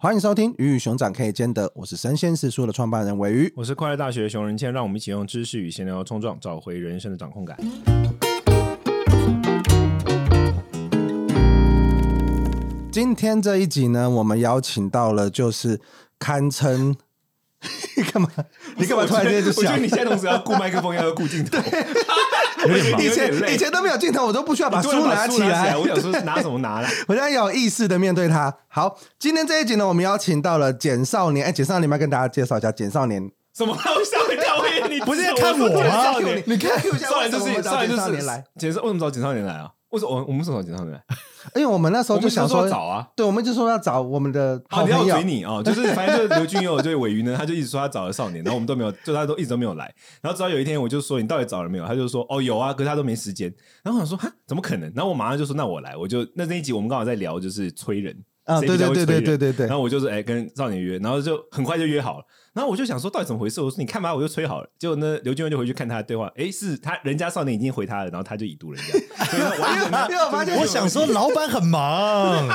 歡迎收聽《魚與熊掌可以兼得》，我是神仙師叔的創辦人尾魚，我是快樂大學的熊仁謙，讓我們一起用知識與閒聊衝撞，找回人生的掌控感。今天這一集呢，我們邀請到了，就是堪稱 你幹嘛？你幹嘛突然間 就笑？我覺得你現在同時要顧麥克風，又 要顧鏡頭。對 以前以前都沒有鏡頭，我都不需要把書拿起來。我，就拿來我想拿什麼拿呢？我現在有意識的面對他。好，今天這一集呢，我們邀請到了簡少年。哎、欸，簡少年，們要跟大家介紹一下簡少年。什麼搞笑表演？你我不是在看我嗎？我來少年，你看麼來，就是來就是，簡少年就是少年，來簡少為什麼找簡少年來啊？為什麼我們什麼時候找的？因為我們那時候就想說找啊， 對，我們就說要找我們的好朋友。好、啊，你要給你啊、哦，就是反正就是劉俊佑， 對，鮪魚呢，他就一直說他找了少年，然後我們都沒有，就他都一直都沒有來。然後直到有一天，我就說 你到底找了沒有？他就說哦有啊，可是他都沒時間。然後我想說哈，怎麼可能？然後我馬上就說那我來，我就那那一集我們剛好在聊就是催人。啊，對，對對對對對對對，然後我就是哎，跟少年約，然後就很快就約好了，然後我就想說到底怎麼回事？我說你看嘛，我就催好了，結果呢，劉俊文就回去看他的對話，哎，是他人家少年已經回他了，然後他就已讀了，這、啊、樣、啊。因為我發現，我想說老闆很忙，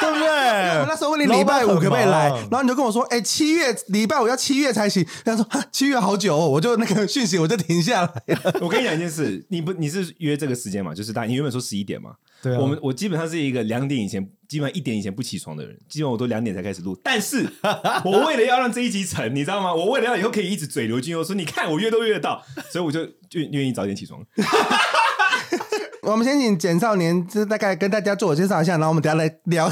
對不對？我、啊啊、那時候問你禮拜五可不可以來，然後你就跟我說，哎、欸、七月禮拜五要七月才行。他說七月好久、哦，我就那個訊息我就停下來了。我跟你講一件事，你不你是約這個時間嘛？就是大你原本說十一點嘛？對，我們我基本上是一個兩點以前。基本上一點以前不起床的人，基本我都兩點才開始錄。但是我為了要讓這一集成，你知道嗎？我為了要以後可以一直嘴流金，我說你看我越都越到，所以我就願願意早點起床。 我們先請簡少年，就大概跟大家自我介紹一下，然後我們等一下來聊，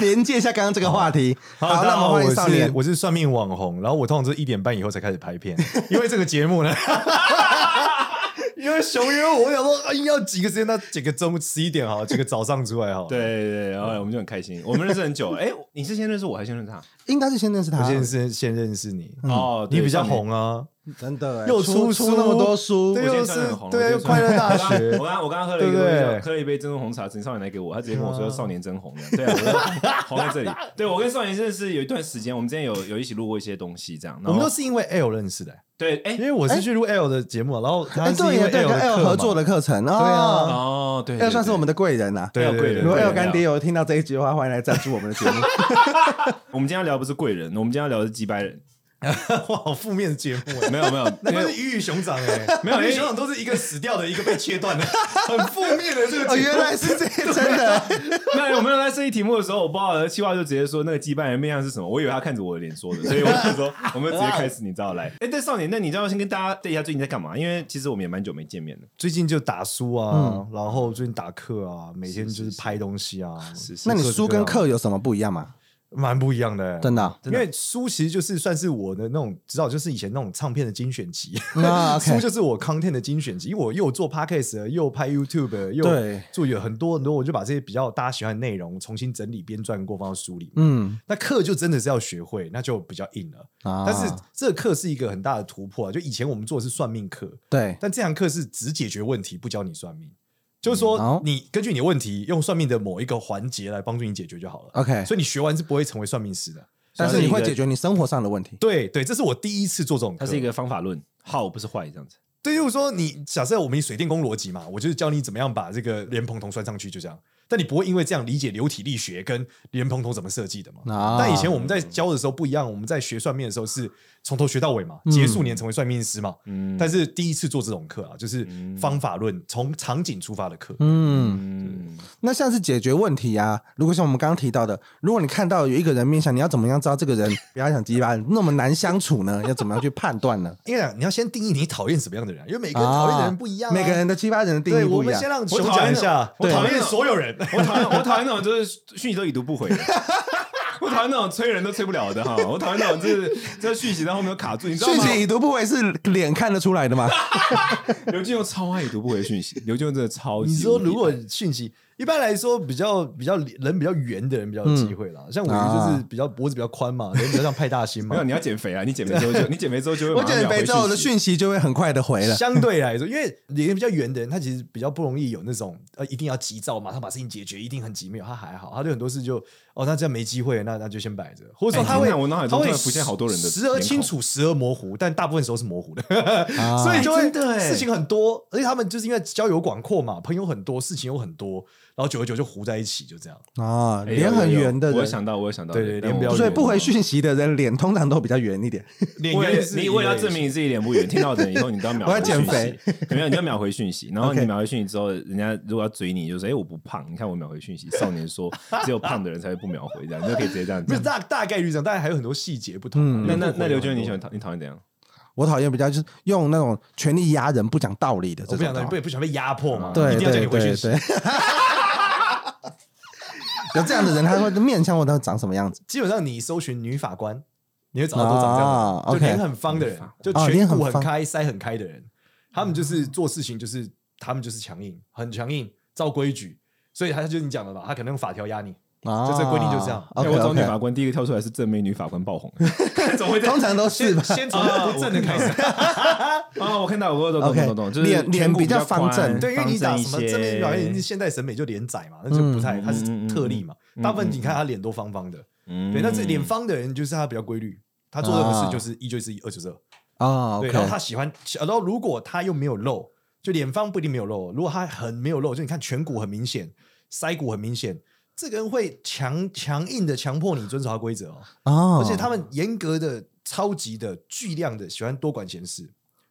連接一下剛剛這個話題。好，好好然那麼我是我是算命網紅，然後我通常是一點半以後才開始拍片， 因為這個節目呢。 因為熊因為我，我想說，哎、嗯，要幾個時間？那幾個中午十一點哈，幾個早上出來哈。 對，對對，然後我們就很開心。 我們認識很久，哎、欸，你是先認識我，還是先認識他？應該是先認識他，我先先先認識你、嗯、哦，你比較紅啊。真的、欸，又出出，出那麼多書，又是很紅了。對《快樂大學》剛剛 我剛剛，我剛我剛喝了一個一杯對對對，喝了一杯珍珠紅茶，簡少年來給我，他直接跟我說，說少年真紅的，對啊， 我紅在這裡。 對我跟少年真的是有一段時間，我們之前有有一起錄過一些東西，這樣。 我們都是因為 L 認識的、欸，對，哎、欸，因為我是去錄 L 的節目、欸，然後哎、欸，對對，跟 L 合作的課程，然哦，對、啊，哦對對對對 L、算是我們的貴人吶、啊，對貴人，如果 L 乾爹有聽到這一句話，歡迎來贊助我們的節目。 我們今天要聊不是貴人，我們今天要聊的是 G8 人。 哇，好負面的節目！ 沒有沒有，那有是魚與熊掌哎、欸， 沒有魚、欸、熊掌都是一個死掉的， 一個被切斷的，很負面的這個節目。原來是這個、 真的、啊 沒有。那我有在設計題目的時候，我不知道啊、企劃就直接說那個羈絆的面向是什麼，我以為他看着我的臉說的，所以我就說我們直接開始， 你知道來。哎、 欸，簡少年，那你知道我先跟大家對一下最近在幹嘛？因為其實我們也蠻久沒見面了。最近就打書啊，嗯、然後最近打課啊，每天就是拍東西啊。是是是是是是是，那你書跟課有什麼不一樣嗎？ 蠻不一樣的、欸，真的、啊真的啊，因為書其實就是算是我的那種，知道就是以前那種唱片的精選集。Uh, okay. 書就是我 content 的精選集，因為我又做 Podcast，又拍 YouTube，又做有很多很多，我就把這些比較大家喜歡的內容重新整理編撰過，放到書裡。嗯，那課就真的是要學會，那就比較硬了。啊、但是這課是一個很大的突破、啊，就以前我們做的是算命課，對，但這堂課是只解決問題，不教你算命。就是說，你根據你的問題，嗯、用算命的某一個環節來幫助你解決就好了。OK，所以你學完是不會成為算命師的，但是你會解決你生活上的問題。對對，這是我第一次做這種，它是一個方法論，好不是壞這樣子。對於說你，你假設我們以水電工邏輯嘛，我就是教你怎麼樣把這個蓮蓬頭拴上去，就這樣。但你不會因為這樣理解流體力學跟蓮蓬頭怎麼設計的嘛？但、啊、以前我們在教的時候不一樣，我們在學算命的時候是。從頭學到尾嘛，結束年成為算命師嘛、嗯。但是第一次做這種課啊，就是方法論，嗯、從場景出發的課。嗯，那像是解決問題啊，如果像我們剛剛提到的，如果你看到有一個人面相，你要怎麼樣知道這個人 不要想 G8 人那麼難相處呢？要怎麼樣去判斷呢？ 因為你要先定義你討厭什麼樣的人、啊，因為每個人討厭的人不一樣、啊啊，每個人的 G8 人的定義不一樣。我們先讓我講一下我，我討厭所有人，我討厭 我討厭那種就是訊息都已讀不回的。 我討厭那種催人都催不了的哈！ 我討厭那種是這訊 息在後面都卡住，你知道嗎？訊息已讀不回是臉看得出來的嗎？劉 俊又超愛已讀不回訊息，劉 俊又真的超級。你說如果訊息？一般來說比，比較比較，人比較圓的人比較有機會啦、嗯。像我就是比較、啊、脖子比較寬嘛，人比較像派大星嘛。 沒有，你要減肥啊！你減肥之後就 你減肥之後就會回，我減肥之後我的訊息就會很快的回來。相對來說， 因為人比較圓的人，他其實比較不容易有那種呃、啊，一定要急躁嘛，馬上把事情解決，一定很急。沒有，他還好，他就很多事就哦，那這樣沒機會，那那就先擺着。或者說他會，欸、他會我浮現好多人的時而清楚，時而模糊，但大部分時候是模糊的， 所以就會、哦哎、事情很多。而且他們就是因為交友廣闊嘛，朋友很多，事情又很多。然後久而久就糊在一起，就這樣啊、哦欸，臉很圓的。我想到，我想到，對對，對，臉比較圓。所以不回訊息的人、嗯、臉通常都比較圓一點。臉圓， 你為了證明你自己臉不圓。 聽到的人以後，你都要秒回訊息。我在減肥沒有，你要你要秒回訊息， 然後你秒回訊息之後，人家如果要嘴你，okay. 你，你，就說、是：“哎，我不胖，你看我秒回訊息。”少年說：“只有胖的人才會不秒回。 ”這樣你就可以直接這樣，不 是大大概率這樣，大概還有很多細節不同、啊嗯。那那那，那劉娟你，你喜歡討你討厭怎樣？我討厭比較就是用那種權力壓人、不講道理的。這不講道理，不喜歡被壓迫嘛？對對對對。有 這樣的人，他會面相，會長什麼樣子？ 基本上，你搜尋女法官，你會找到都長這樣，oh, okay. 就臉很方的人，oh, 就顴骨很開、腮、哦、很、很開的人，他們就是做事情，就是他們就是強硬，很強硬，照規矩，所以他就你講的吧，他可能用法條壓你。啊、就這規律就這樣。OK，, okay. 我找女法官，第一個跳出來是正美女法官爆紅 會。通常都是先從正的開始。啊， oh, 我看到我哥都懂懂懂，臉、okay. 臉、嗯就是、比較方正，對，因為你講什麼正美女正，現在審美就臉窄嘛，那就不太，它是特例嘛。嗯嗯嗯大部分你看她臉都方方的，嗯嗯對，但是臉方的人就是她比較規律，她做任何事就是一就是一，二就是二啊。對，然後她喜歡，然後如果她又沒有肉，就臉方不一定沒有肉。如果她很沒有肉，就你看顴骨很明顯，腮骨很明顯。這個人會強強硬的強迫你遵守他的規則哦，oh. 而且他們嚴格的、超級的、巨量的，喜歡多管閒事。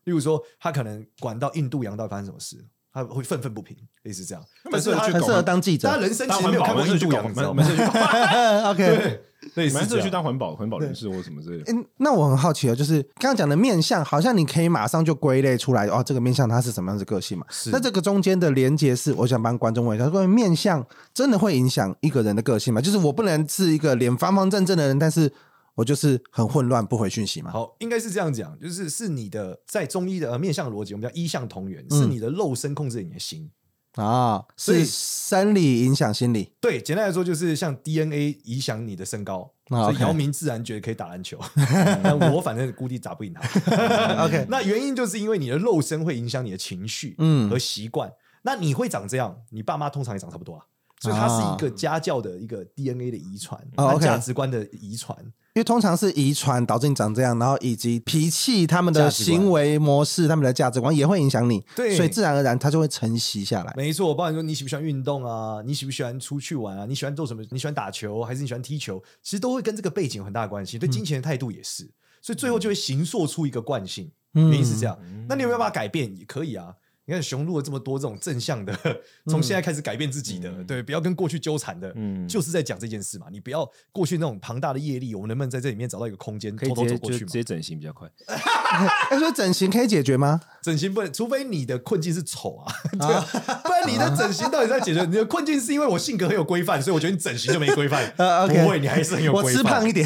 例如說，他可能管到印度洋到底發生什麼事。他會憤憤不平，類似這樣。但是很適合，合當記者，他人生其實沒有意思，去搞，蠻蠻有趣。 道 OK，對，類似這樣。去當環保環保人士或什麼之類。嗯、欸，那我很好奇了，哦，就是剛剛講的面相，好像你可以馬上就歸類出來哦，這個面相它是什麼樣的個性嘛？是。那這個中間的連接是，我想幫觀眾問一下，說面相真的會影響一個人的個性嗎？就是我不能是一個臉方方正正的人，但是。我就是很混亂，不回訊息嘛。好，應該是這樣講，就是是你的在中醫的、呃、面相邏輯，我們叫醫相同源、嗯，是你的肉身控制你的心啊、哦，所以是生理影響心理對，簡單來說就是像 DNA 影響你的身高、哦，所以姚明自然覺得可以打籃球。哦 okay 嗯、但我反正估計打不贏他。OK， 嗯嗯、那原因就是因為你的肉身會影響你的情緒，嗯，和習慣。那你會長這樣，你爸媽通常也長差不多啊，所以它是一個家教的一個 DNA 的遺傳，價、哦嗯、值觀的遺傳。哦 okay 因為通常是遺傳導致你長這樣，然後以及脾氣、他們的行為模式、價他們的價值觀也會影響你，對，所以自然而然它就會承襲下來。沒錯，我不管說你喜不喜歡運動啊，你喜不喜歡出去玩啊，你喜歡做什麼？你喜歡打球還是你喜歡踢球？其實都會跟這個背景很大的關係。對金錢的態度也是、嗯，所以最後就會形塑出一個慣性、嗯。原因是這樣，那你有沒有辦法改變？也可以啊。你看，雄鹿了這麼多這種正向的，從現在開始改變自己的，嗯、對，不要跟過去糾纏的、嗯，就是在講這件事嘛。你不要過去那種龐大的業力，我們能不能在這裡面找到一個空間，偷偷走過去嘛？直接整形比較快。他 說、欸：“欸、整形可以解決嗎？整形不能，除非你的困境是醜啊。啊” 對啊 你的整形到底是在解決你的困境？是因為我性格很有規範， 所以我覺得你整形就沒規範。呃、 uh, okay, 不會，你還是很有規範。我吃胖一點，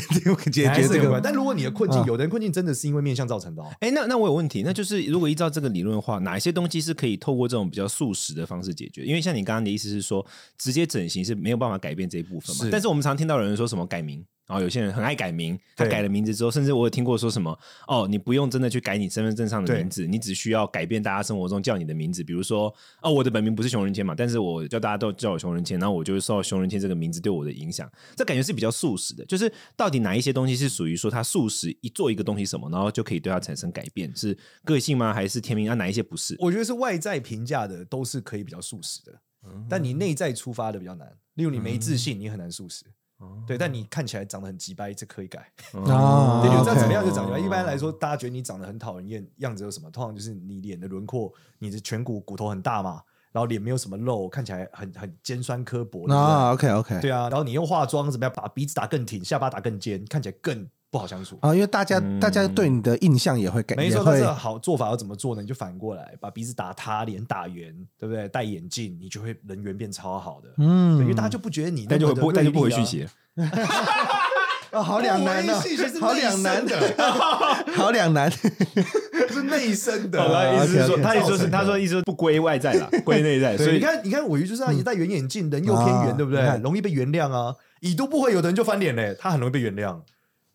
解決這個。但如果你的困境，哦、有的人困境真的是因為面相造成的、哦。哎、欸，那那我有問題，那就是如果依照這個理論的話，哪一些東西是可以透過這種比較速食的方式解決？因為像你剛剛的意思是說，直接整形是沒有辦法改變這一部分嘛？是，但是我們常聽到有人說什麼改名。然、哦、後有些人很愛改名，他改了名字之後，甚至我有聽過說什麼哦，你不用真的去改你身份證上的名字，你只需要改變大家生活中叫你的名字。比如說哦，我的本名不是熊仁謙嘛，但是我叫大家都叫我熊仁謙，然後我就是受到熊仁謙這個名字對我的影響。這感覺是比較速食的，就是到底哪一些東西是屬於說他速食一做一個東西什麼，然後就可以對他產生改變，是個性嗎？還是天命啊？哪一些不是？我覺得是外在評價的都是可以比較速食的、嗯，但你內在出發的比較難。例如你沒自信，嗯、你很難速食。對，但你看起來長得很 G8，這可以改啊、哦 哦。對，就這樣怎麼樣就長得 G8、哦？一般來說、哦，大家覺得你長得很討人厭，樣子有什麼？通常就是你臉的輪廓，你的顴骨骨頭很大嘛，然後臉沒有什麼肉，看起來很很尖酸刻薄啊、哦哦。OK OK，對啊，然後你用化妝怎麼樣，把鼻子打更挺，下巴打更尖，看起來更。不好相處啊、哦，因為大家、嗯、大家對你的印象也會改。沒錯，但是好做法要怎麼做呢？你就反過來，把鼻子打塌，臉打圓，對不對？戴眼鏡，你就會人緣變超好的。嗯，因為大家就不覺得你，嗯、但就不會，但就不會去寫。好兩難的、啊，好兩難的、啊，好兩難， 是內生的。我、啊、的、啊啊 okay, 意思是說，okay, okay, 他意思是他說意思是不歸外在啦，歸內在 所。所以你看，你看尾魚就是這、啊、樣，嗯、你戴圓眼鏡，人又偏圓、啊，對不對？很容易被原諒啊。已讀不回，有的人就翻臉嘞，他很容易被原諒。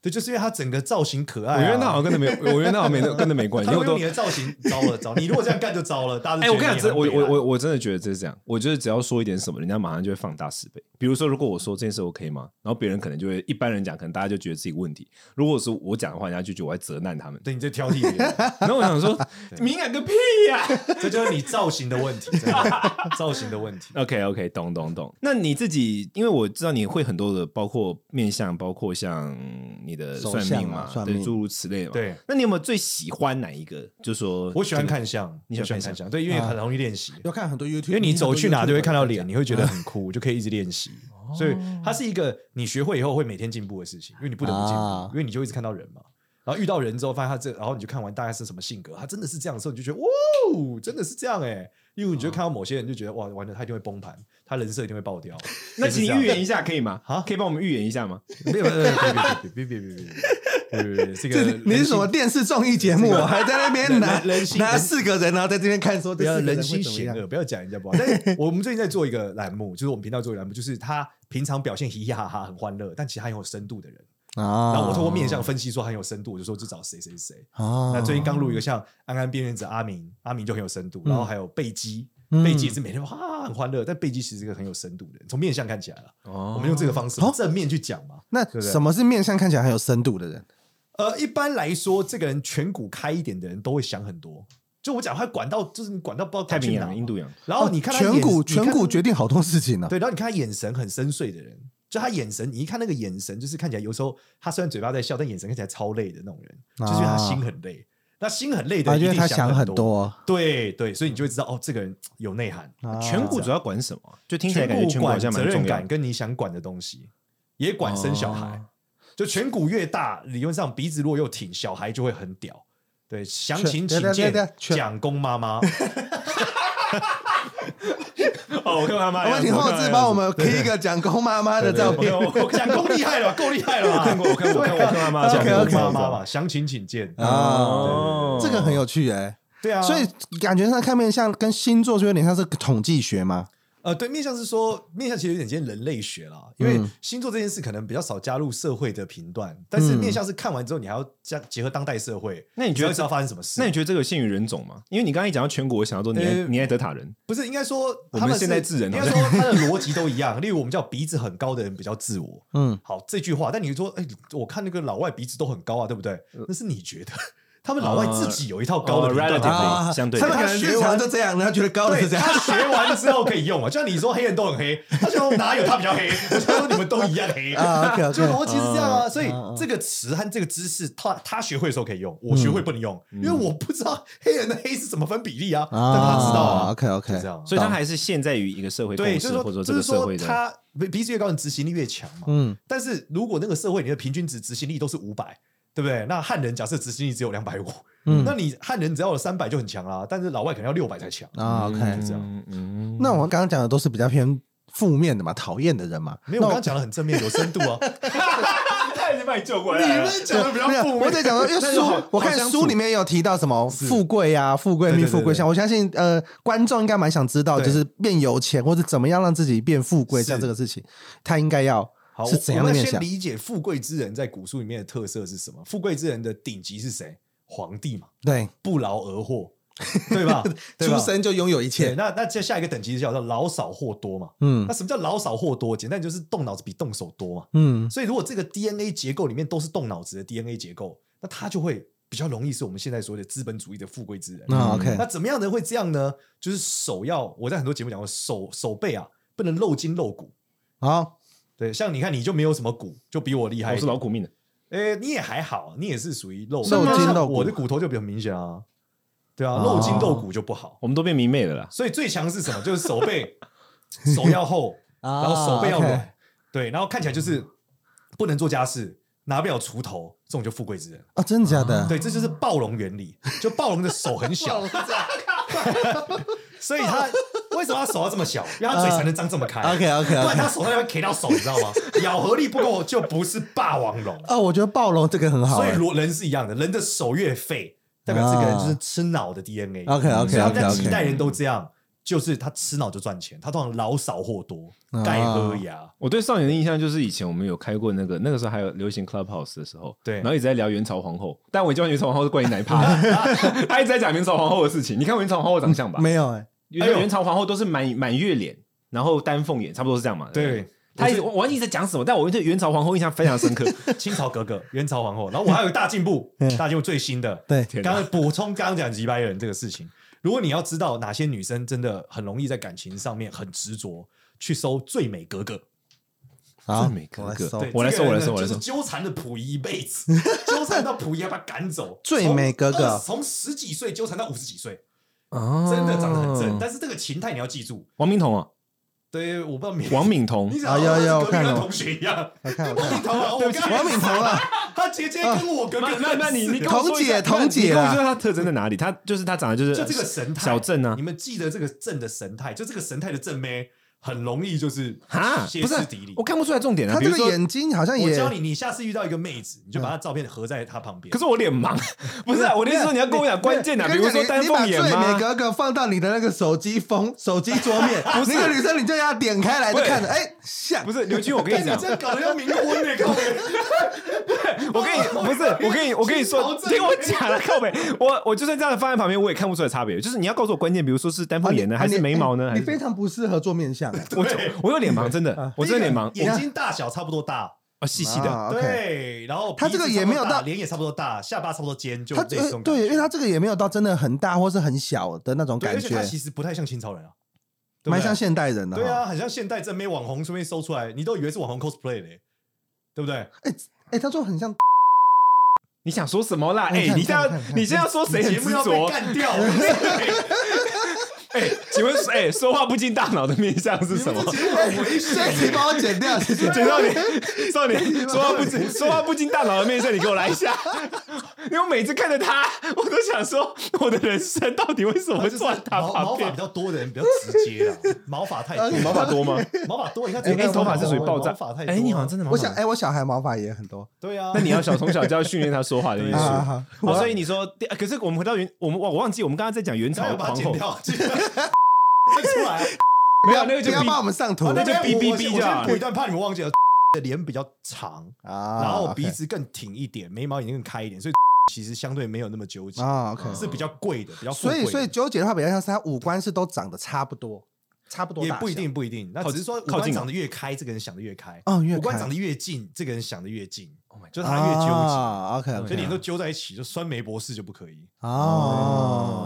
對，就是因為他整個造型可愛、啊。我覺得那好像跟他沒有， 我覺得那好像沒、那個、跟跟他沒關係。 他用你的造型，糟了糟了。 你如果這樣幹就糟了，大家覺得。哎、欸，我跟你講，我我我我真的覺得這是這樣。我覺得只要說一點什麼，人家馬上就會放大十倍。比如說，如果我說這件事 OK 嗎？然後別人可能就會一般人講，可能大家就覺得自己有問題。如果是我講的話，人家就覺得我在責難他們。對，你在挑剔別人。 然後我想說，敏感個屁呀、啊！這就是你造型的問題， 造型的問題。OK OK，懂懂懂。那你自己，因為我知道你會很多的，包括面相，包括像你。你的算命嘛，算命對，諸如此類嘛。對，那你有沒有最喜歡哪一個？就說、這個、我喜歡看相，你喜歡看相，看相對，因為很容易練習，要看很多 YouTube，因為你走去哪就會看到臉，你會覺得很酷，啊、就可以一直練習、哦。所以它是一個你學會以後會每天進步的事情，因為你不得不進步、啊，因為你就一直看到人嘛。然後遇到人之後，發現他這，然後你就看完大概是什麼性格，他真的是這樣的時候，你就覺得哇、哦，真的是這樣哎、欸。因為你覺得看到某些人就覺得哇，完了，他一定會崩盤，他人設一定會爆掉。 那請你預言一下可以嗎？好、啊，可以幫我們預言一下嗎？沒 有、呃，別別別別別別別別別別，這 個你是什麼電視綜藝節目？還在那邊拿人人拿四個人，然後在這邊看說不要人心險惡，不要講人家不好。不 但是我們最近在做一個欄目，就是我們頻道做一個欄目，就是他平常表現嘻嘻哈哈很歡樂，但其實很有深度的人。哦、然後我通過面相分析說很有深度，我就說就找誰誰誰。那最近剛錄一個像安安邊緣者，阿明、嗯，阿明就很有深度。然後還有貝基，貝、嗯、基也是每天、嗯、哇很歡樂，但貝基其實是個很有深度的人。從面相看起來了、哦。我們用這個方式、哦、正面去講嘛。那什麼是面相看起來很有深度的人？哦的人嗯、呃，一般來說，這個人顴骨開一點的人都會想很多。就我講他管到就是你管到包括太平洋、印度洋，然後你看顴、哦、骨顴骨、骨決定好多事情呢、啊。對，然後你看他眼神很深邃的人。就他眼神，你一看那個眼神，就是看起來有時候他雖然嘴巴在笑，但眼神看起來超累的那種人，啊、就是他心很累。那心很累的人，因為他想很多。對、啊、對，所以你就會知道，哦、啊，這個人有內涵。顴骨主要管什麼？就聽起來管責任感，跟你想管的東西也管生小孩。、啊，就顴骨越大，理論上鼻子如果又挺，小孩就會很屌。對，詳情請見蔣公媽媽。 哦，我跟他媽媽、哦，我們請畫師幫我們 K 一個講公媽媽的照片。對對對對對對 我講公厲害了， 夠厲害了、啊、 我看過，我看過，我看過。我看過， 講公媽媽 吧，詳 情請，請見啊。哦哦、對對對對，這個很有趣哎、欸，對、哦、啊，所以感覺上看面像跟星座就有點像是統計學嘛。呃，對面相是說，面相其實有點像人類學了，因為星座這件事可能比較少加入社會的頻段、嗯，但是面相是看完之後你還要加結合當代社會。那你覺得要你知道發生什麼事？那你覺得這個限於人種嗎？因為你剛剛講到全國，我想要都尼安、呃、德塔人，不是應該說，他們我們現在智人，應該說他的邏輯都一樣。 例如我們叫鼻子很高的人比較自我，嗯，好這句話，但你說，誒，我看那個老外鼻子都很高啊，對不對？那是你覺得。呃 他們老外自己有一套高的 relative 相對，他們可能日常就這樣，他覺得高是這樣。他學完之後可以用啊，就像你說黑人都很黑，他說哪有他比較黑，他 說你們都一樣黑，uh, okay, okay, 就邏輯是這樣啊。Uh, uh, 所以這個詞和這個知識他，他他學會的時候可以用，我學會不能用，嗯、因為我不知道黑人的黑是怎麼分比例啊。Uh, 但他知道啊，OK OK，這樣，所、so、以他還是限在於一個社會對，就是說，就是說他比，他鼻子越高，執行力越強嘛。嗯，但是如果那個社會你的平均值執行力都是五百。對不對？那漢人假設執行力只有兩百五，嗯，那你漢人只要有三百就很強啦、啊。但是老外可能要六百才強啊。OK，、哦嗯、這樣。嗯，那我剛剛講的都是比較偏負面的嘛，討厭的人嘛。沒有，我剛剛講的很正面， 有深度啊。太 把你救回來了。你們講的比較負面。我在講到，因為書， 我看書裡面有提到什麼富貴啊，富貴命，富貴相。對對對對，我相信，呃，觀眾應該蠻想知道，就是變有錢或者怎麼樣讓自己變富貴，在這個事情，他應該要。好，那我們先理解富貴之人在古書裡面的特色是什麼？富貴之人的頂級是誰？皇帝嘛，對，不勞而獲，對吧？對吧 出生就擁有一切，那那接下一個等級叫叫勞少獲多嘛，嗯，那什麼叫勞少獲多？簡單就是動腦子比動手多嘛，嗯，所以如果這個 DNA 結構裡面都是動腦子的 DNA 結構，那它就會比較容易是我們現在所謂的資本主義的富貴之人。那、哦、OK，、嗯、那怎麼樣的會這樣呢？就是手要，我在很多節目講過，手手背啊不能露筋露骨啊。哦對，像你看，你就沒有什麼骨，就比我厲害。我是老骨命的，誒，你也還好，你也是屬於露筋露骨。我的骨頭就比較明顯啊。對啊，哦、露筋露骨就不好。我們都變迷妹了啦。所以最強是什麼？就是手背， 手要厚， 然後手背要軟、哦 okay。對，然後看起來就是不能做家事，拿不了鋤頭，這種就富貴之人、哦、真真啊，真的假的？對，這就是暴龍原理。就暴龍的手很小。 所以他它。 為什麼他手要這麼小？因為他嘴才能張這麼開。Uh, okay, OK OK，不然他手上要 K 到手，你知道嗎？咬合力不夠就不是霸王龍。啊、哦，我覺得暴龍這個很好、欸。所以人是一樣的，人的手越廢，代表這個人就是吃腦的 DNA、uh,。OK OK。只要幾代人都這樣，就是他吃腦就賺錢，他通常老少貨多，蓋得牙。Uh, 我對少年的印象就是以前我們有開過那個那個時候還有流行 Clubhouse 的時候，對，然後一直在聊元朝皇後，但我一講元朝皇後是關於奶爸， 他一直在講元朝皇後的事情。你看元朝皇后長相吧，嗯、沒有哎、欸。因為元朝皇後都是滿滿、哎、月臉，然後丹鳳眼，差不多是這樣嘛。對，對我是他也我，我一直在講什麼，但我對元朝皇后印象非常深刻。 清朝格格，元朝皇後，然後我還有個大進步， 大進步，最新的。對，剛才補充，剛剛講吉拜人這個事情。如果你要知道哪些女生真的很容易在感情上面很執着，去搜最美格格。啊，最美格格，我來搜，我來搜，我來搜，就是糾纏了溥儀一輩子， 糾纏到溥儀要把她趕走。最美格，格格，從十幾歲糾纏到五十幾歲。Oh, 真的長得很正，但是這個情態你要記住，王敏彤啊，對，我不知道明，王敏彤，你長得跟我跟同學一樣，王看，我看，不起，王敏彤啊， 彤啊 他姐姐跟我哥哥、啊那那，那你你告訴我，彤姐，彤姐啊，你知道他特徵在哪裡？他就是他長得就是，就這個神態，小正啊，你們記得這個正的神態，就這個神態的正沒？很容易就是啊，歇斯底里，我看不出來重點、啊、他這個眼睛好像也……我教你，你下次遇到一個妹子，你就把她照片合在她旁邊。可是我臉盲、嗯，不是、啊啊、我跟你說你要跟我講、啊、關鍵的、啊，比如說丹鳳眼嗎？你把最美格格放到你的那個手機風手機桌面，那、啊、個女生你就要點開來就看，哎、欸，像不是劉軍？我跟你講，你這樣搞得要迷惑呢，靠 我，我跟你不是、oh、我跟你我跟你說，聽我講了，靠北！我我就算這樣子放在旁邊，我也看不出來差別。就是你要告訴我關鍵，比如說是丹鳳眼呢、啊，還是眉毛呢？啊你，欸、你非常不適合做面相。我我有臉盲，真的，我真的臉盲。眼睛大小差不多大啊，細、啊、細的、啊 okay。對，然後他這個也沒有到，臉也差不多大，下巴差不多尖，就，就這種感覺、呃。對，因為他這個也沒有到真的很大或是很小的那種感覺。他其實不太像清朝人啊，蠻像現代人的、哦。對啊，很像現代，正妹網紅隨便搜出來，你都以為是網紅 cosplay 嘞，對不對？哎、欸、哎、欸，他說很像。你想說什麼啦？哎、哦，你現在、欸，你現在說誰？節目要給我幹掉、欸。 哎、欸，請問，哎、欸，說話不經大腦的面相是什麼？其實很猥把我剪掉，剪掉你。少年說話不經，說話不經大腦的面相，你給我來一下。因為我每次看着他，我都想說，我的人生到底為什麼會？啊就是亂大旁邊比較多的人比較直接啊，就是、毛髮太，多，毛髮多嗎？毛髮多，一下剪、欸、頭髮是屬於爆炸，哎、啊欸，你好像真的，毛髮。我想，哎、欸，我小孩毛髮也很多。對啊，那你要小從小就要訓練他說話的藝術。所以你說，可是我們回到元，我們忘我忘記我們剛剛在講元朝皇後。 出，出來沒、啊、有、哎？那個就要幫我們上圖、啊，那就嗶嗶嗶，就錄一段，怕你們忘記了。Okay. 啊、臉比較長，oh, 然後鼻子更挺一點，okay. 眉毛已經更開一點，所以其實相對沒有那麼糾結啊。Oh, OK，是比較貴的，比較貴貴的。所以所以糾結的話，比較像是他五官是都長得差不多。差不多也不一定不一定，那只是說五官長得越開，這個人想得越開；五、哦、官長得越近，這個人想得越近。Oh oh, 就是他越糾結、oh,，OK。所以臉都揪在一起，就酸梅博士就不可以哦，oh,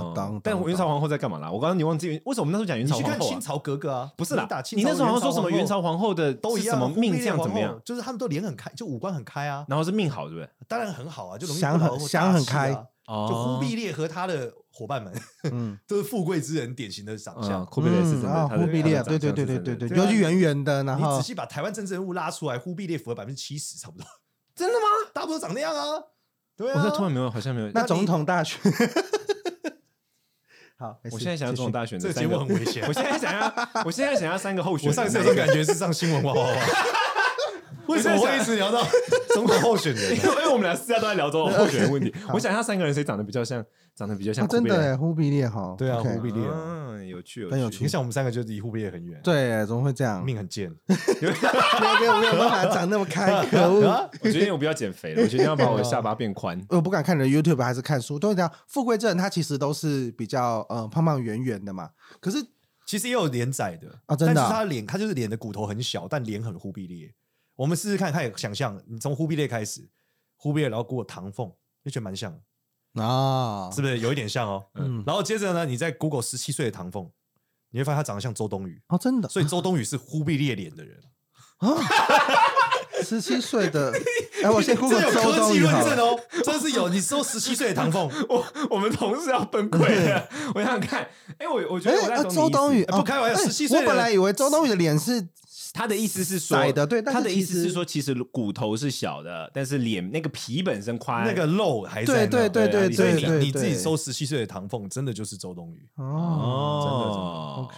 okay. oh, 當,當,當但元朝皇後在幹嘛啦？我剛剛你忘記為什麼我們那時候講元朝皇後、啊？你看清朝格格啊，不是啦。你那時候好像說什麼元朝皇後的都是什麼命相怎麼樣？就是他們都臉很開，就五官很開啊。然後是命好，對不對？當然很好啊，就容易、啊、想很想很開。就忽必烈和他的。哦夥伴們、嗯，都是富貴之人，典型的長相。忽必烈是真的，忽、嗯啊、必烈對，對對對對對對，尤其圓圓的。然後你仔細把台灣政治人物拉出來，忽必烈符合百分之七十差不多。真的嗎？大部分長那樣啊。對啊，我、喔、突然沒有，好像沒有。那總統大選， 好，我現在想要總統大選個，這節目很危險。 我現在想要，我現在想要三個候選。我上次有種感覺是上新聞了，為什麼我，我一直聊到中國候選人？ 因為我們倆私下都在聊中國候選人問題。 我想一下，三個人誰長得比較像？長得比較像，啊？真的，忽必烈哈。對啊，okay. 忽必烈。啊、有趣有趣，嗯，有趣，很有趣。你想，我們三個就是離忽必烈很遠。對，怎麼會這樣？命很賤， 沒有個沒有辦法長那麼開， 可惡惡。 我決定我不要減肥了，我決定要把我的下巴變寬 、哦。我不敢看你的 YouTube，還是看書？都一樣。富貴正，他其實都是比較嗯，胖胖圓圓的嘛。可是其實也有臉窄的但，啊、真的、啊。他臉，他就是臉的骨頭很小，但臉很忽必烈。我們試試看，看想象。你從忽必烈開始，忽必烈，然後 Google 唐鳳，就覺得蠻像啊、哦，是不是有一點像哦、喔？嗯，然後接着呢，你在 Google 十七歲的唐鳳，你會發現他長得像周冬雨哦，真的。所以周冬雨是忽必烈的臉的人啊、哦，十七歲的哎、 欸，我先 Google 周冬雨，這有科技論證哦，真是有。你說十七歲的唐鳳，我我， 我們同事要崩潰了。我想想看，哎、欸，我我覺得我，哎、欸啊，周冬雨、哦欸、不開玩笑，十七歲。我本來以為周冬雨的臉是。.他的意思是說，他的意思是說，對，他的意思是說，其實骨頭是小的，但是臉那個皮本身寬，那個肉還是對對對對對。你自己收十七歲的唐鳳，真的就是周冬雨哦、嗯，真的、真的、哦、OK，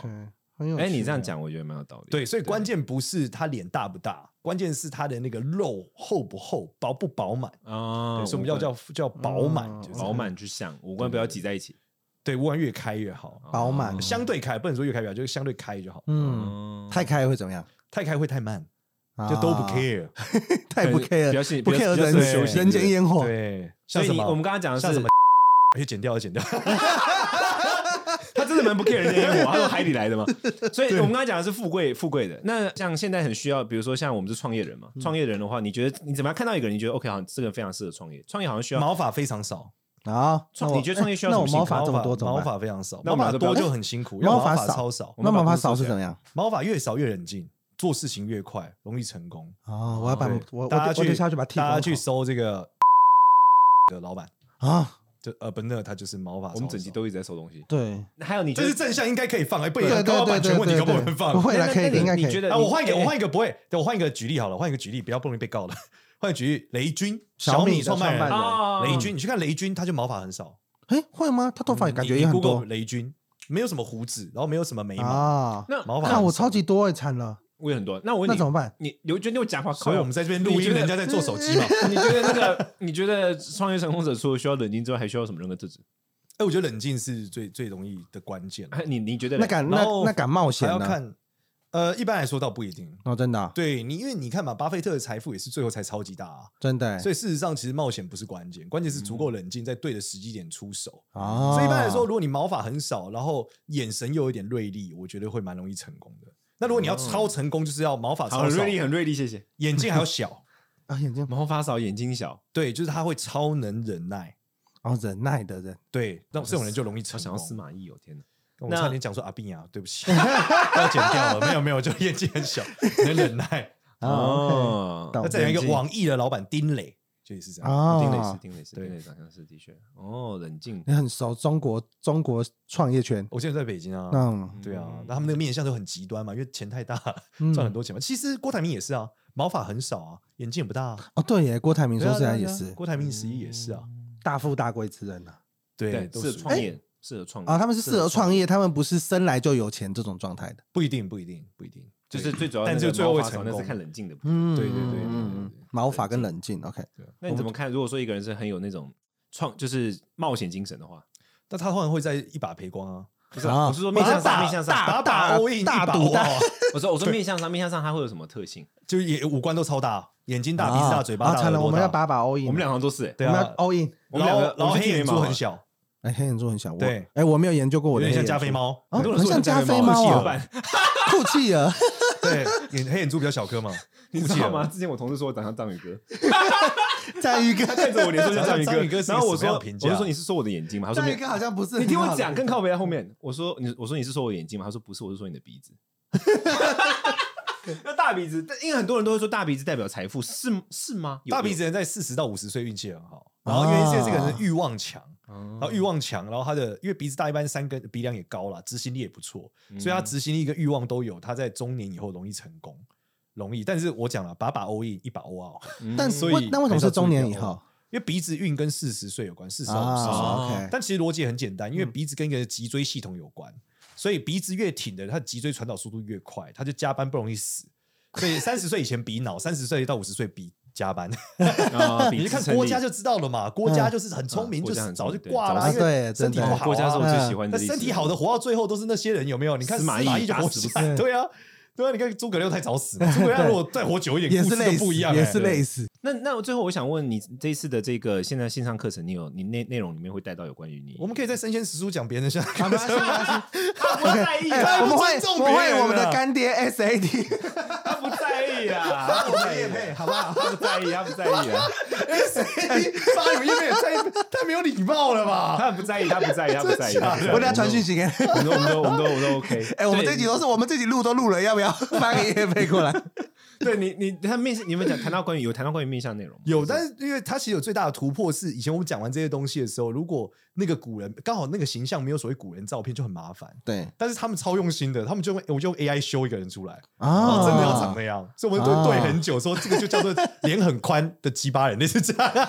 很有趣的，哎、欸，你這樣講，我覺得蠻有道理。對，所以關鍵不是她臉大不大，關鍵是她的那個肉厚不厚，飽不飽滿哦，所以我們叫叫叫飽滿，飽滿就像五官不要擠在一起對對對，對，五官越開越好，飽、哦、滿相對開，不能說越開越好，就是相對開就好嗯。嗯，太開會怎麼樣？太開會太慢，啊、就都不 care，太不 care，不 care，不 care 的人，就是休息，人間煙火。對，對，所以我們剛剛講的是，去剪掉，剪掉了。剪掉了 他真的蠻不 care 人間煙火，他到海裡來的嘛？所以我們剛剛講的是富貴，富貴的。那像現在很需要，比如說像我們是創業人嘛，創、嗯、業人的話，你覺得你怎麼樣看到一個人，你覺得 OK，好像這個非常適合創業，創業好像需要毛髮非常少啊。你覺得創業需要什麼？欸、毛髮這麼多種，毛髮非常少，那毛髮多就很辛苦，毛髮少毛髮、毛髮、毛髮超少，那毛髮少是怎麼樣？毛髮越少越冷靜。做事情越快，容易成功。哦，我要把我，我去我我下要去把他，大家去搜這個的、這個、老板啊。這呃不，那他就是毛髮。我們整集都一直在搜東西。對，還有你、就是，這是正向，應該可以放。欸、不也都要把版權問題可不能放？對對對對對對對對，不會了，可以，應該可以。啊，我換一個，我換一個，不會。我換一個舉例好了，換一個舉例，不要不容易被告了。換 舉例，雷軍，小米創辦人，啊、雷軍，你去看雷軍，他就毛髮很少。哎、欸，會嗎？他頭髮也感覺也很多。雷軍沒有什麼鬍子，然後沒有什麼眉毛。啊、那毛髮，我超級多，哎，慘了。我也很多、啊，那我問你那怎麼辦？你劉娟你，你，你有假話，所以我們在這邊錄音，人家在做手機嘛、呃。你覺得那個？ 你覺得創業成功者除了需要冷靜之外，還需要什麼人格特質？哎、欸，我覺得冷靜是最最容易的關鍵、啊。你你覺得那敢那那敢冒險呢？還要看，呃，一般來說倒不一定。哦，真的、啊。對，你因為你看嘛，巴菲特的財富也是最後才超級大啊，真的、欸。所以事實上，其實冒險不是關鍵，關鍵是足夠冷靜、嗯，在對的時機點出手啊、哦。所以一般來說，如果你毛髮很少，然後眼神又有一點銳利，我覺得會蠻容易成功的。那如果你要超成功，就是要毛髮超少，很銳利、很銳利，謝謝。眼睛還要小啊、 哦，眼睛毛髮少，眼睛小，對，就是他會超能忍耐，然、哦、後忍耐的人，對，那這種人就容易成功。要想要司馬懿哦，天吶。我們差點講說阿斌啊，對不起， 要剪掉了。 沒有沒有，就眼睛很小，很 忍耐。哦，哦 okay、那再有一個網易的老闆丁磊。對，是這樣，丁磊是丁磊是，丁磊長相是的確哦，冷靜。你很熟中國中國創業圈，我、哦、現在在北京啊。嗯，對啊，那他們那個面相都很極端嘛，因為錢太大、嗯、賺很多錢嘛。其實郭台銘也是啊，毛髮很少啊，眼睛也不大、啊、哦。對耶，郭台銘說起來也是、啊啊，郭台銘十一也是啊，嗯、大富大貴之人吶、啊。對，適合創業，適合創業啊、欸哦。他們是適合，適合創業，他們不是生來就有錢這種狀態的，不一定，不一定，不一定。就是最主要，但就最後會成功、那個、蛤蛤那是看冷靜的部分。嗯，對對對,對，毛髮跟冷靜對對對，OK 對對。那你怎麼看？如果說一個人是很有那種創，就是冒險精神的話，但他通常會在一把賠光啊？不、就是、啊，我是說面相上，啊、面相上，大打 all in，大我說，我說面相上，面相上，他會有什麼特性？就眼五官都超大，眼睛大，啊、鼻子大，嘴巴大。老、啊、陳，我們要把把 all in。我們兩行都是，對啊，all in。我們兩個、欸，我黑眼珠很小，哎，黑眼珠很小。對，哎，我沒有研究過我的眼，像加菲貓，很像加菲貓，酷氣啊。對，眼黑眼珠比較小顆嘛，你知道嗎？ 你知道嗎？之前我同事說我長像章魚哥，章魚哥對著我臉說章魚哥， 哥哥然後我說，我就說你是說我的眼睛嗎？章魚哥好像不是，你聽我講，更靠背在後面。我說你我說你是說我的眼睛嗎？他說不是，我是說你的鼻子。 大鼻子，因為很多人都會說大鼻子代表財富，是是嗎有？大鼻子人在四十到五十歲運氣很好。然後，因為現在這個人是欲望強、啊嗯，然後欲望強，然後他的因為鼻子大，一般三根鼻梁也高了，執行力也不錯，嗯、所以他執行力跟欲望都有，他在中年以後容易成功，容易。但是我講了，把把 all in，一把 all out、嗯，但所以那為什麼是中年以後？因為鼻子運跟四十歲有關，四十歲 ,50 歲、啊50歲啊 okay。但其實邏輯很簡單，因為鼻子跟一個脊椎系統有關，嗯、所以鼻子越挺的，他脊椎傳導速度越快，他就加班不容易死。所以三十歲以前比腦，三 十歲到五十歲比。加班、 呃，你就看郭嘉就知道了嘛。郭嘉就是很聰明，、嗯嗯、明，就是早就掛了對，因為身體不好，好、啊。郭嘉是我最喜歡的、啊。但身體好的活到最後都是那些人，有沒有？啊、你看司馬懿就活不起來、啊？對啊，對啊。你看諸葛亮太早死了，諸葛亮如果再活久一點，也是那個不一樣、欸，也是類似。那那我最後我想問你，這一次的這個現在線上課程你，你有你內內容裡面會帶到有關於你？我們可以在生時《生鮮時書》講別人，的他他不在意，他不尊重別人。我會我們的乾爹 SAD，他不在意。 他不在意欸他 不在意，不在意 好吧，他不在意，他不在意啊！哎 為誰，誰發語音也太太沒有禮貌了吧？ 他不在意，他不在意，他不在意。我等一下傳訊息給你，我都，我都，我都，我都 OK、欸。哎，我們這集都是我們自己錄都錄了，要不要發一個業配過來？ 對你，你他面向你有沒有講談到關於，有談到關於面相內容有，但是因為他其實有最大的突破是以前我們講完這些東西的時候，如果那個古人剛好那個形象沒有所謂古人照片就很麻煩。對，但是他們超用心的，他們就會我就用 AI 修一個人出來啊，然後真的要長那樣，啊、所以我們都對很久說，啊，說這個就叫做臉很寬的 G8 人，那是這樣，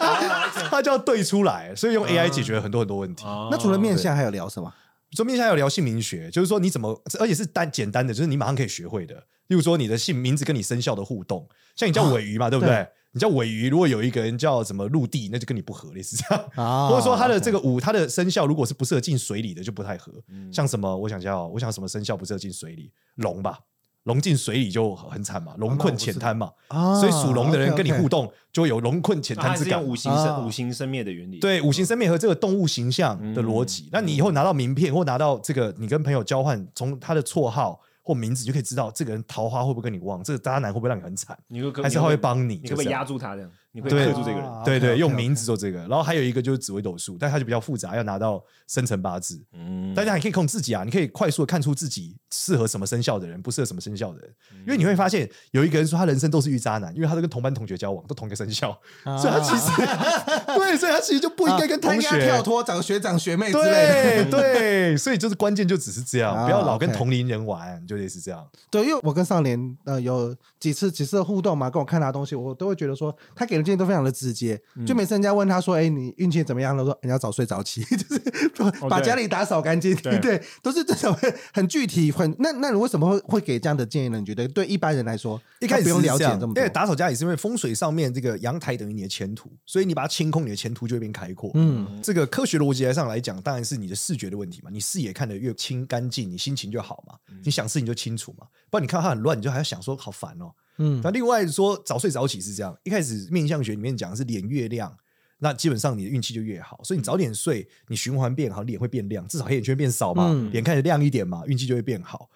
他就要對出來，所以用 AI 解決了很多很多問題。那除了面相還有聊什麼？說面相還有聊姓名學，就是說你怎麼，而且是單簡單的，就是你馬上可以學會的。例如說，你的姓名字跟你生肖的互動，像你叫尾魚嘛、啊，對不對？對，你叫尾魚，如果有一個人叫什麼陸地，那就跟你不合，類似這樣。啊、或者說，他的這個五，他、啊 okay、的生肖如果是不適合進水裡的，就不太合。嗯、像什麼，我想叫，我想什麼生肖不適合進水裡？龍吧，龍進水裡就很慘嘛，龍困淺灘嘛、啊。所以屬龍的人跟你互動，啊、okay, okay 就有龍困淺灘之感、啊五啊。五行生，五行生滅的原理，對，對五行生滅和這個動物形象的邏輯。嗯、那你以後拿到名片、嗯、或拿到這個，你跟朋友交換，從他的綽號，或名字就可以知道這個人桃花會不會跟你旺，這個渣男會不會讓你很慘？還是他會幫你？你可不可以壓住他這樣？你會刻住這個人對、啊，對對，對，okay, okay, okay. 用名字做這個，然後還有一個就是紫微斗數，但是它就比較複雜，要拿到生辰八字。嗯，大家還可以控自己啊，你可以快速的看出自己適合什麼生肖的人，不適合什麼生肖的人、嗯。因為你會發現，有一個人說他人生都是遇渣男，因為他都跟同班同學交往，都同一個生肖、啊，所以他其實、啊、 對，所以他其實就不應該跟同學、啊、他他跳脫，找學長學妹之類對、嗯。對，所以就是關鍵就只是這樣，啊、不要老跟同齡人玩，啊 okay. 就類似這樣。對，因為我跟少年呃有幾次幾次的互動嘛，跟我看他的東西，我都會覺得說他給。建議都非常的直接，嗯、就每次人家問他說：“哎、欸，你運氣怎麼樣？”了說：“你要早睡早起，就是把,、oh、把家裡打掃乾淨。”對,對，都是這種很具體，很那那你為什麼會會給這樣的建議呢？你覺得對一般人來說，一開始不用了解這麼多是是這因為打掃家裡是因為風水上面，這個陽台等於你的前途，所以你把它清空，你的前途就會變開闊。嗯，這個科學邏輯上來講，當然是你的視覺的問題嘛。你視野看得越清乾淨，你心情就好嘛，嗯、你想事情就清楚嘛。不然你看到它很亂，你就還要想說好煩哦、喔。嗯，那另外說早睡早起是這樣，一開始面相學裡面講是臉越亮，那基本上你的運氣就越好，所以你早點睡，你循環變好，臉會變亮，至少黑眼圈會變少嘛，臉、嗯、開始亮一點嘛，運氣就會變好。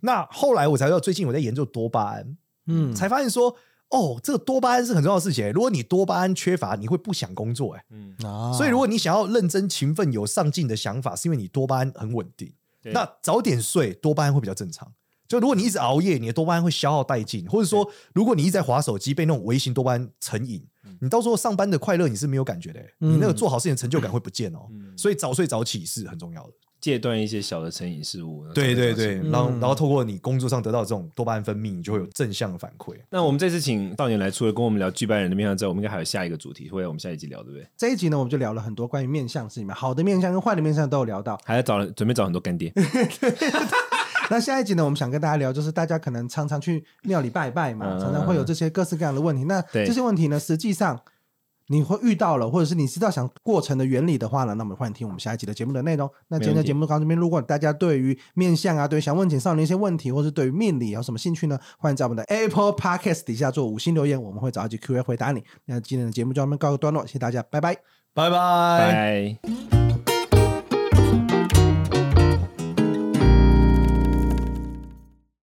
那後來我才知道，最近我在研究多巴胺，嗯，才發現說哦，這個多巴胺是很重要的事情、欸。如果你多巴胺缺乏，你會不想工作、欸，嗯啊，所以如果你想要認真勤奮有上進的想法，是因為你多巴胺很穩定。那早點睡，多巴胺會比較正常。就如果你一直熬夜，你的多巴胺會消耗殆盡，或者說如果你一直在滑手機，被那種微型多巴胺成癮、嗯，你到時候上班的快樂你是沒有感覺的，嗯、你那個做好事情的成就感會不見哦、嗯嗯。所以早睡早起是很重要的，戒斷一些小的成癮事物。對對對，嗯、然後然後透過你工作上得到這種多巴胺分泌，你就會有正向的反饋。那我們這次請到你來，除了跟我們聊 G8 人的面相之外，我們應該還有下一個主題，會我們下一集聊對不對？這一集呢，我們就聊了很多關於面相是什麼，好的面相跟壞的面相都有聊到，還要找準備找很多乾爹。 那下一集呢，我們想跟大家聊就是大家可能常常去廟裡拜拜嘛，嗯嗯嗯嗯，常常會有這些各式各樣的問題。那這些問題呢，實際上你會遇到了，或者是你知道想過程的原理的話呢，那麼歡迎聽我們下一集的節目的內容。那今天的節目到這邊，如果大家對於面相啊，題對想問簡少年一些問題，或是對於命理有什麼興趣呢，歡迎在我們的 Apple Podcast 底下做五星留言，我們會找一集 Q A 回答你。那今天的節目就到這邊告一段落，謝謝大家，拜拜，拜拜，拜。Bye